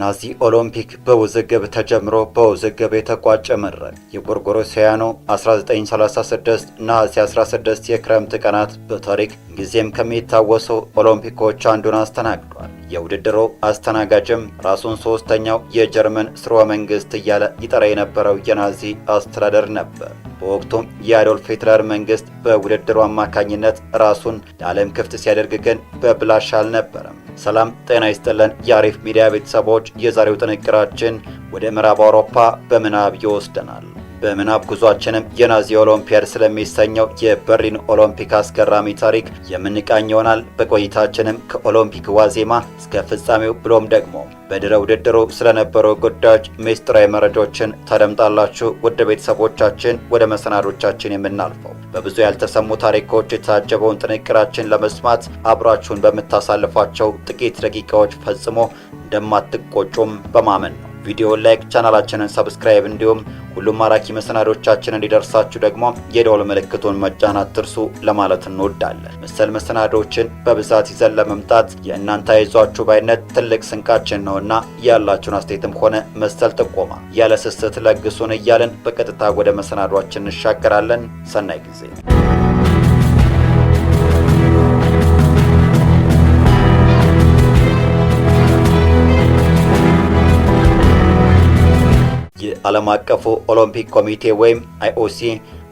የናዚ ኦሎምፒክ በውዝግብ ተጀምሮ በውዝግብ የተቋጨ መድረክ የጎርጎሮሳውያኑ 1936 ነሐሴ 16 የክረምት ቀናት በታሪክ ጊዜም ከሚታወሱ ኦሎምፒኮች አንዱን አስተናግዷል። የውድድሩ አስተናጋጅም ራሱን ሶስተኛው የጀርመን ስርወ መንግስት እያለ ይጠራ የነበረው የናዚ አስተዳደር ነበር። በወቅቱም የአዶልፍ ሂትለር መንግስት በውድድሩ አማካኝነት ራሱን ለዓለም ክፍት ሲያደርግ ግን በብላሽ አልነበረም። ሰላም ጤና ይስጥልን። የአሪፍ ሚዲያ ቤተሰቦች የዛሬው ጥንቅራችን ወደ ምዕራብ አውሮፓ በምናብ ይወስደናል። በምናብ ጉዟችንም የናዚ ኦሎምፒያድ ስለሚሰኘው የበርሊን ኦሎምፒክ አስገራሚ ታሪክ የምንቃኝ ይሆናል። በቆይታችንም ከኦሎምፒክ ዋዜማ እስከ ፍጻሜው ብሎም ደግሞ በድረ ውድድሩ ስለነበሩ ጉዳዮች ምስጢራዊ መረጃዎችን ታደምጣላችሁ። ውድ ቤተሰቦቻችን፣ ወደ መሰናዶቻችን የምናልፈው በብዙ ያልተሰሙ ታሪኮች የታጀበውን ጥንቅራችን ለመስማት አብራችሁን በምታሳልፏቸው ጥቂት ደቂቃዎች ፈጽሞ እንደማትቆጩም በማመን ነው። ቪዲዮ ላይክ፣ ቻናላችንን ሰብስክራይብ እንዲሁም ሁሉም ማራኪ መሰናዶቻችን እንዲደርሳችሁ ደግሞ የደወል ምልክቱን መጫን አትርሱ ለማለት እንወዳለን። መሰል መሰናዶዎችን በብዛት ይዘን ለመምጣት የእናንተ አይዟችሁ ባይነት ትልቅ ስንቃችን ነውና ያላችሁን አስተያየትም ሆነ መሰል ጥቆማ ያለ ስስት ለግሱን እያልን በቀጥታ ወደ መሰናዷችን እንሻገራለን። ሰናይ ጊዜ ዓለም አቀፉ ኦሎምፒክ ኮሚቴ ወይም አይኦሲ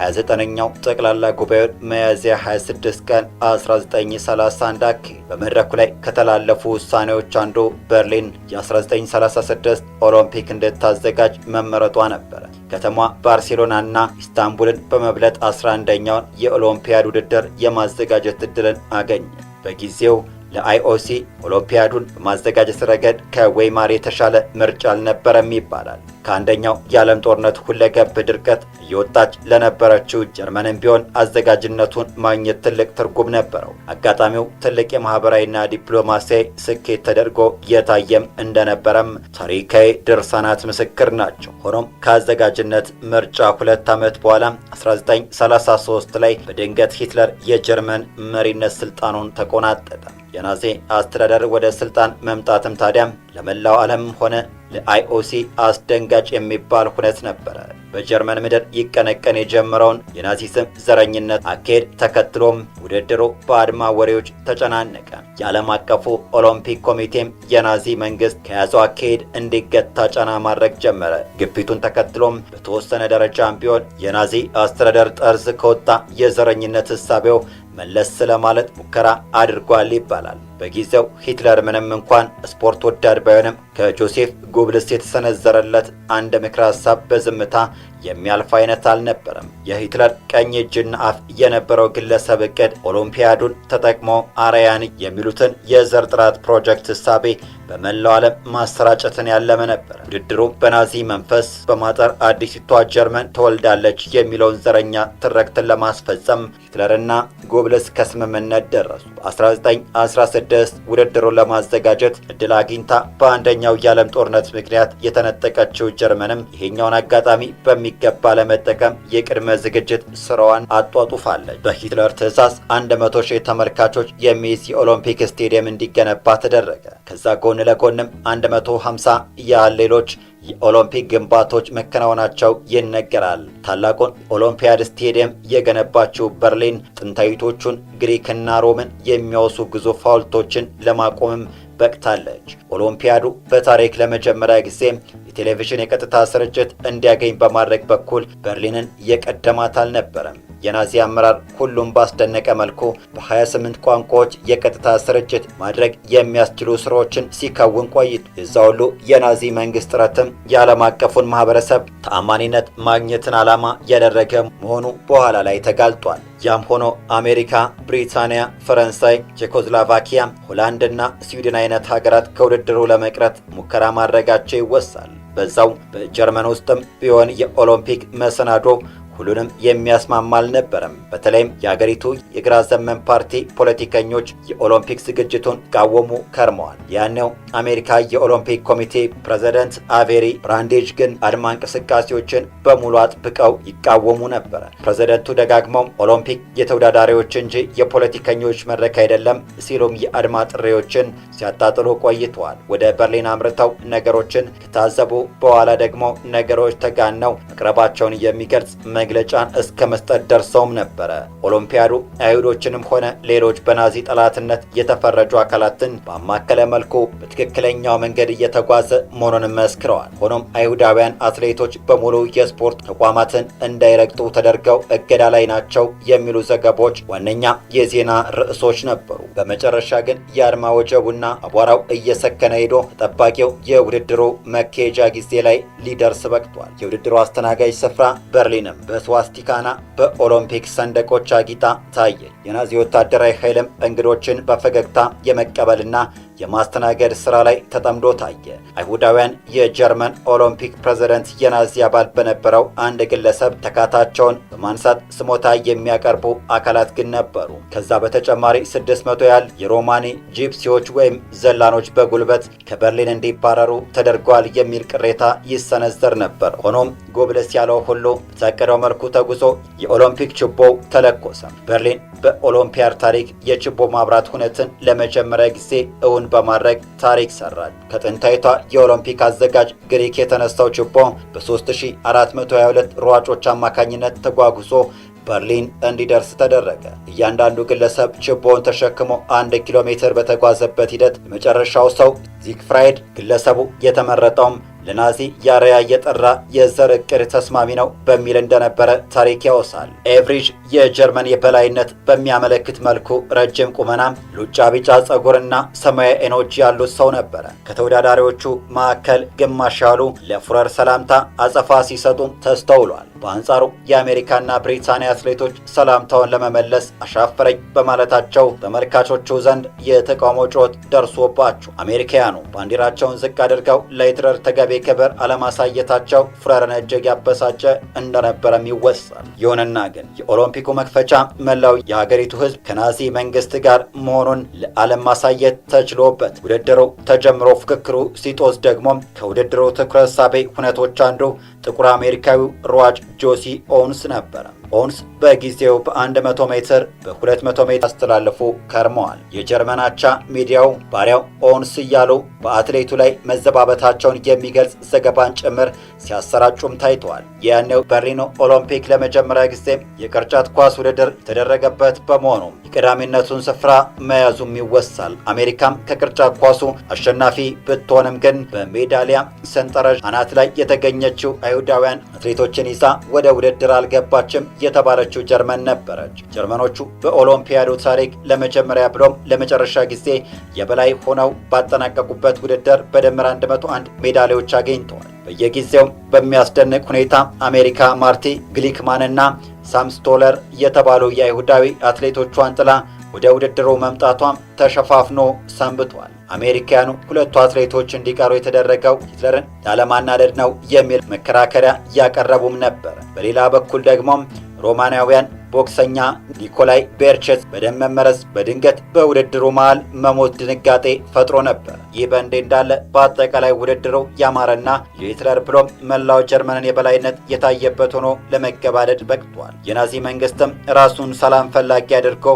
29ኛው ጠቅላላ ጉባኤውን ሚያዝያ 26 ቀን 1931 ዳክ በመድረኩ ላይ ከተላለፉ ውሳኔዎች አንዱ በርሊን የ1936 ኦሎምፒክ እንድታዘጋጅ መመረጧ ነበረ። ከተማ ባርሴሎናና ኢስታንቡልን በመብለጥ 11ኛውን የኦሎምፒያድ ውድድር የማዘጋጀት ዕድልን አገኘ። በጊዜው ለአይኦሲ ኦሎምፒያዱን በማዘጋጀት ረገድ ከዌይማር የተሻለ ምርጫ አልነበረም ይባላል። ከአንደኛው የዓለም ጦርነት ሁለገብ ድርቀት እየወጣች ለነበረችው ጀርመንም ቢሆን አዘጋጅነቱን ማግኘት ትልቅ ትርጉም ነበረው። አጋጣሚው ትልቅ የማኅበራዊና ዲፕሎማሲያዊ ስኬት ተደርጎ የታየም እንደነበረም ታሪካዊ ድርሳናት ምስክር ናቸው። ሆኖም ከአዘጋጅነት ምርጫ ሁለት ዓመት በኋላ 1933 ላይ በድንገት ሂትለር የጀርመን መሪነት ሥልጣኑን ተቆናጠጠ። የናዚ አስተዳደር ወደ ሥልጣን መምጣትም ታዲያም ለመላው ዓለም ሆነ ለአይኦሲ አስደንጋጭ የሚባል ሁነት ነበረ። በጀርመን ምድር ይቀነቀን የጀመረውን የናዚስም ዘረኝነት አካሄድ ተከትሎም ውድድሩ በአድማ ወሬዎች ተጨናነቀ። የዓለም አቀፉ ኦሎምፒክ ኮሚቴም የናዚ መንግስት ከያዘው አካሄድ እንዲገታ ጫና ማድረግ ጀመረ። ግፊቱን ተከትሎም በተወሰነ ደረጃ ቢሆን የናዚ አስተዳደር ጠርዝ ከወጣ የዘረኝነት እሳቤው መለስ ስለማለት ሙከራ አድርጓል ይባላል። በጊዜው ሂትለር ምንም እንኳን ስፖርት ወዳድ ባይሆንም ከጆሴፍ ጎብልስ የተሰነዘረለት አንድ ምክረ ሀሳብ በዝምታ የሚያልፍ አይነት አልነበረም። የሂትለር ቀኝ እጅና አፍ የነበረው ግለሰብ እቅድ ኦሎምፒያዱን ተጠቅሞ አርያን የሚሉትን የዘር ጥራት ፕሮጀክት እሳቤ በመላው ዓለም ማሰራጨትን ያለመ ነበር። ውድድሩ በናዚ መንፈስ በማጠር አዲሲቷ ጀርመን ተወልዳለች የሚለውን ዘረኛ ትረክትን ለማስፈጸም ሂትለርና ጎብልስ ከስምምነት ደረሱ። በ1916 ስድስት ውድድሩን ለማዘጋጀት እድል አግኝታ በአንደኛው የዓለም ጦርነት ምክንያት የተነጠቀችው ጀርመንም ይሄኛውን አጋጣሚ በሚገባ ለመጠቀም የቅድመ ዝግጅት ስራዋን አጧጡፋለች። በሂትለር ትዕዛዝ 100 ሺህ ተመልካቾች የሚይዝ የኦሎምፒክ ስቴዲየም እንዲገነባ ተደረገ። ከዛ ጎን ለጎንም 150 ያህል ሌሎች የኦሎምፒክ ግንባታዎች መከናወናቸው ይነገራል። ታላቁን ኦሎምፒያድ ስቴዲየም የገነባችው በርሊን ጥንታዊቶቹን ግሪክና ሮምን የሚያወሱ ግዙፍ ሐውልቶችን ለማቆምም በቅታለች። ኦሎምፒያዱ በታሪክ ለመጀመሪያ ጊዜ የቴሌቪዥን የቀጥታ ስርጭት እንዲያገኝ በማድረግ በኩል በርሊንን የቀደማት አልነበረም። የናዚ አመራር ሁሉም ባስደነቀ መልኩ በ28 ቋንቋዎች የቀጥታ ስርጭት ማድረግ የሚያስችሉ ስራዎችን ሲከውን ቆይቶ የዛ ሁሉ የናዚ መንግስት ጥረትም የዓለም አቀፉን ማህበረሰብ ተአማኒነት ማግኘትን ዓላማ ያደረገ መሆኑ በኋላ ላይ ተጋልጧል። ያም ሆኖ አሜሪካ፣ ብሪታንያ፣ ፈረንሳይ፣ ቼኮስሎቫኪያ፣ ሆላንድና ስዊድን አይነት ሀገራት ከውድድሩ ለመቅረት ሙከራ ማድረጋቸው ይወሳል። በዛው በጀርመን ውስጥም ቢሆን የኦሎምፒክ መሰናዶ ሁሉንም የሚያስማማ አልነበረም። በተለይም የአገሪቱ የግራ ዘመን ፓርቲ ፖለቲከኞች የኦሎምፒክ ዝግጅቱን ቃወሙ ከርመዋል። ያኔው አሜሪካ የኦሎምፒክ ኮሚቴ ፕሬዝደንት አቬሪ ብራንዴጅ ግን አድማ እንቅስቃሴዎችን በሙሉ አጥብቀው ይቃወሙ ነበረ። ፕሬዝደንቱ ደጋግመው ኦሎምፒክ የተወዳዳሪዎች እንጂ የፖለቲከኞች መድረክ አይደለም ሲሉም የአድማ ጥሪዎችን ሲያጣጥሉ ቆይተዋል። ወደ በርሊን አምርተው ነገሮችን ከታዘቡ በኋላ ደግሞ ነገሮች ተጋነው መቅረባቸውን የሚገልጽ መግለጫን እስከ መስጠት ደርሰውም ነበረ። ኦሎምፒያዱ አይሁዶችንም ሆነ ሌሎች በናዚ ጠላትነት የተፈረጁ አካላትን ባማከለ መልኩ በትክክለኛው መንገድ እየተጓዘ መሆኑንም መስክረዋል። ሆኖም አይሁዳውያን አትሌቶች በሙሉ የስፖርት ተቋማትን እንዳይረግጡ ተደርገው እገዳ ላይ ናቸው የሚሉ ዘገባዎች ዋነኛ የዜና ርዕሶች ነበሩ። በመጨረሻ ግን የአድማ ወጀቡና አቧራው እየሰከነ ሄዶ ተጠባቂው የውድድሩ መኬጃ ጊዜ ላይ ሊደርስ በቅቷል። የውድድሩ አስተናጋጅ ስፍራ በርሊንም ስዋስቲካና በኦሎምፒክ ሰንደቆች አጊጣ ታየ። የናዚ ወታደራዊ ኃይልም እንግዶችን በፈገግታ የመቀበልና የማስተናገድ ስራ ላይ ተጠምዶ ታየ። አይሁዳውያን የጀርመን ኦሎምፒክ ፕሬዝደንት የናዚ አባል በነበረው አንድ ግለሰብ ተካታቸውን በማንሳት ስሞታ የሚያቀርቡ አካላት ግን ነበሩ። ከዛ በተጨማሪ 600 ያህል የሮማኒ ጂፕሲዎች ወይም ዘላኖች በጉልበት ከበርሊን እንዲባረሩ ተደርጓል የሚል ቅሬታ ይሰነዘር ነበር። ሆኖም ጎብለስ ያለው ሁሉ በታቀደው መልኩ ተጉዞ የኦሎምፒክ ችቦ ተለኮሰ። በርሊን በኦሎምፒያድ ታሪክ የችቦ ማብራት ሁነትን ለመጀመሪያ ጊዜ እውን በማድረግ ታሪክ ሰራል። ከጥንታዊቷ የኦሎምፒክ አዘጋጅ ግሪክ የተነሳው ችቦ በ3422 ሯጮች አማካኝነት ተጓጉዞ በርሊን እንዲደርስ ተደረገ። እያንዳንዱ ግለሰብ ችቦውን ተሸክሞ አንድ ኪሎ ሜትር በተጓዘበት ሂደት የመጨረሻው ሰው ዚግፍራይድ፣ ግለሰቡ የተመረጠውም ለናዚ ያረያ የጠራ የዘር እቅድ ተስማሚ ነው በሚል እንደነበረ ታሪክ ያወሳል። ኤቭሪጅ የጀርመን የበላይነት በሚያመለክት መልኩ ረጅም ቁመናም፣ ሉጫ ቢጫ ጸጉርና ሰማያዊ ዓይኖች ያሉት ሰው ነበረ። ከተወዳዳሪዎቹ መካከል ግማሽ ያሉ ለፉረር ሰላምታ አጸፋ ሲሰጡም ተስተውሏል። በአንጻሩ የአሜሪካና ብሪታንያ አትሌቶች ሰላምታውን ለመመለስ አሻፈረኝ በማለታቸው ተመልካቾቹ ዘንድ የተቃውሞ ጩኸት ደርሶባቸው አሜሪካውያኑ ባንዲራቸውን ዝቅ አድርገው ለሂትለር ተገቢ ክብር አለማሳየታቸው ፍረርን እጅግ ያበሳጨ እንደነበረም ይወሳል። ይሁንና ግን የኦሎምፒኩ መክፈቻ መላው የሀገሪቱ ህዝብ ከናዚ መንግስት ጋር መሆኑን ለዓለም ማሳየት ተችሎበት ውድድሩ ተጀምሮ ፍክክሩ ሲጦስ ደግሞ ከውድድሩ ትኩረት ሳቢ ሁነቶች አንዱ ጥቁር አሜሪካዊው ሯጭ ጆሲ ኦውንስ ነበረ። ኦንስ በጊዜው በ100 ሜትር በ200 ሜትር ያስተላለፉ ከርመዋል። የጀርመን አቻ ሚዲያው ባሪያው ኦንስ እያሉ በአትሌቱ ላይ መዘባበታቸውን የሚገልጽ ዘገባን ጭምር ሲያሰራጩም ታይተዋል። የያኔው በሪኖ ኦሎምፒክ ለመጀመሪያ ጊዜ የቅርጫት ኳስ ውድድር የተደረገበት በመሆኑ የቀዳሚነቱን ስፍራ መያዙም ይወሳል። አሜሪካም ከቅርጫት ኳሱ አሸናፊ ብትሆንም ግን በሜዳሊያ ሰንጠረዥ አናት ላይ የተገኘችው አይሁዳውያን አትሌቶችን ይዛ ወደ ውድድር አልገባችም የተባለችው ጀርመን ነበረች። ጀርመኖቹ በኦሎምፒያዱ ታሪክ ለመጀመሪያ ብሎም ለመጨረሻ ጊዜ የበላይ ሆነው ባጠናቀቁበት ውድድር በድምር 101 ሜዳሊያዎች አግኝተዋል። በየጊዜው በሚያስደንቅ ሁኔታ አሜሪካ ማርቲ ግሊክማንና ሳም ስቶለር የተባሉ የአይሁዳዊ አትሌቶቿን ጥላ ወደ ውድድሩ መምጣቷም ተሸፋፍኖ ሰንብቷል። አሜሪካያኑ ሁለቱ አትሌቶች እንዲቀሩ የተደረገው ሂትለርን ላለማናደድ ነው የሚል መከራከሪያ እያቀረቡም ነበር። በሌላ በኩል ደግሞ ሮማናውያን ቦክሰኛ ኒኮላይ ቤርቼዝ በደም መመረዝ በድንገት በውድድሩ መሃል መሞት ድንጋጤ ፈጥሮ ነበር። ይህ በእንዴ እንዳለ በአጠቃላይ ውድድሩ ያማረና የሂትለር ብሎም መላው ጀርመንን የበላይነት የታየበት ሆኖ ለመገባደድ በቅቷል። የናዚ መንግስትም ራሱን ሰላም ፈላጊ አድርጎ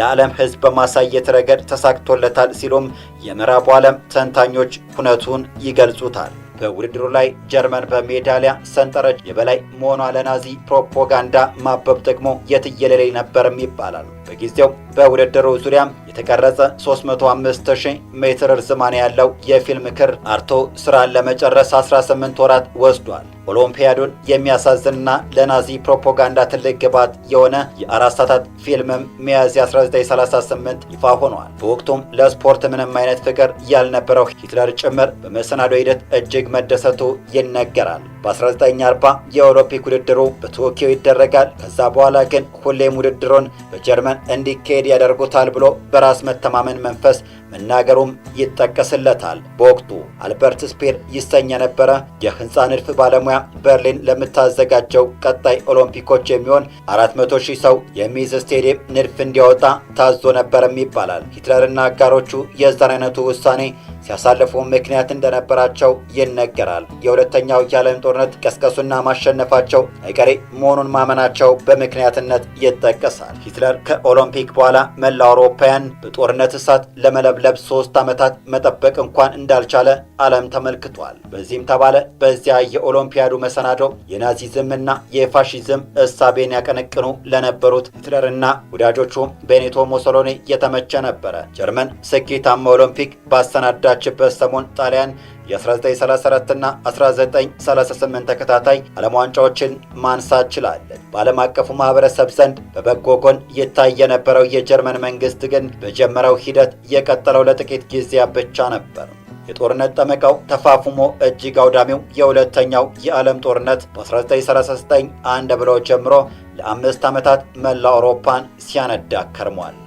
ለዓለም ሕዝብ በማሳየት ረገድ ተሳክቶለታል ሲሉም የምዕራቡ ዓለም ተንታኞች ሁነቱን ይገልጹታል። በውድድሩ ላይ ጀርመን በሜዳሊያ ሰንጠረዥ የበላይ መሆኗ ለናዚ ፕሮፓጋንዳ ማበብ ደግሞ የትየለሌ ነበርም ይባላል። በጊዜው በውድድሩ ዙሪያ የተቀረጸ 35000 ሜትር ርዝማኔ ያለው የፊልም ክር አርቶ ስራን ለመጨረስ 18 ወራት ወስዷል። ኦሎምፒያዱን የሚያሳዝንና ለናዚ ፕሮፓጋንዳ ትልቅ ግብዓት የሆነ የአራት ሰዓታት ፊልምም ሚያዝያ 1938 ይፋ ሆኗል። በወቅቱም ለስፖርት ምንም አይነት ፍቅር ያልነበረው ሂትለር ጭምር በመሰናዶ ሂደት እጅግ መደሰቱ ይነገራል። በ1940 የኦሎምፒክ ውድድሩ በቶኪዮ ይደረጋል። ከዛ በኋላ ግን ሁሌም ውድድሩን በጀርመን እንዲካሄድ ያደርጉታል ብሎ በራስ መተማመን መንፈስ መናገሩም ይጠቀስለታል። በወቅቱ አልበርት ስፔር ይሰኝ የነበረ የህንፃ ንድፍ ባለሙያ በርሊን ለምታዘጋጀው ቀጣይ ኦሎምፒኮች የሚሆን 400 ሺህ ሰው የሚይዝ ስቴዲየም ንድፍ እንዲያወጣ ታዞ ነበርም ይባላል። ሂትለርና አጋሮቹ የዛን አይነቱ ውሳኔ ሲያሳልፉ ምክንያት እንደነበራቸው ይነገራል። የሁለተኛው የዓለም ጦርነት ቀስቀሱና ማሸነፋቸው አይቀሬ መሆኑን ማመናቸው በምክንያትነት ይጠቀሳል። ሂትለር ከኦሎምፒክ በኋላ መላ አውሮፓውያን በጦርነት እሳት ለመለብለ ለብስ ሶስት ዓመታት መጠበቅ እንኳን እንዳልቻለ ዓለም ተመልክቷል። በዚህም ተባለ በዚያ የኦሎምፒያዱ መሰናዶ የናዚዝም እና የፋሽዝም እሳቤን ያቀነቅኑ ለነበሩት ሂትለርና ወዳጆቹ ቤኒቶ ሞሶሎኒ የተመቸ ነበረ። ጀርመን ስኬታማ ኦሎምፒክ ባሰናዳችበት ሰሞን ጣሊያን የ1934 ና 1938 ተከታታይ ዓለም ዋንጫዎችን ማንሳት ችላለን። በዓለም አቀፉ ማህበረሰብ ዘንድ በበጎ ጎን ይታይ የነበረው የጀርመን መንግስት ግን በጀመረው ሂደት የቀጠለ ለተፈጠረው ለጥቂት ጊዜያ ብቻ ነበር። የጦርነት ጠመቃው ተፋፉሞ እጅግ አውዳሚው የሁለተኛው የዓለም ጦርነት በ1939 አንድ ብሎ ጀምሮ ለአምስት ዓመታት መላ አውሮፓን ሲያነዳ ከርሟል።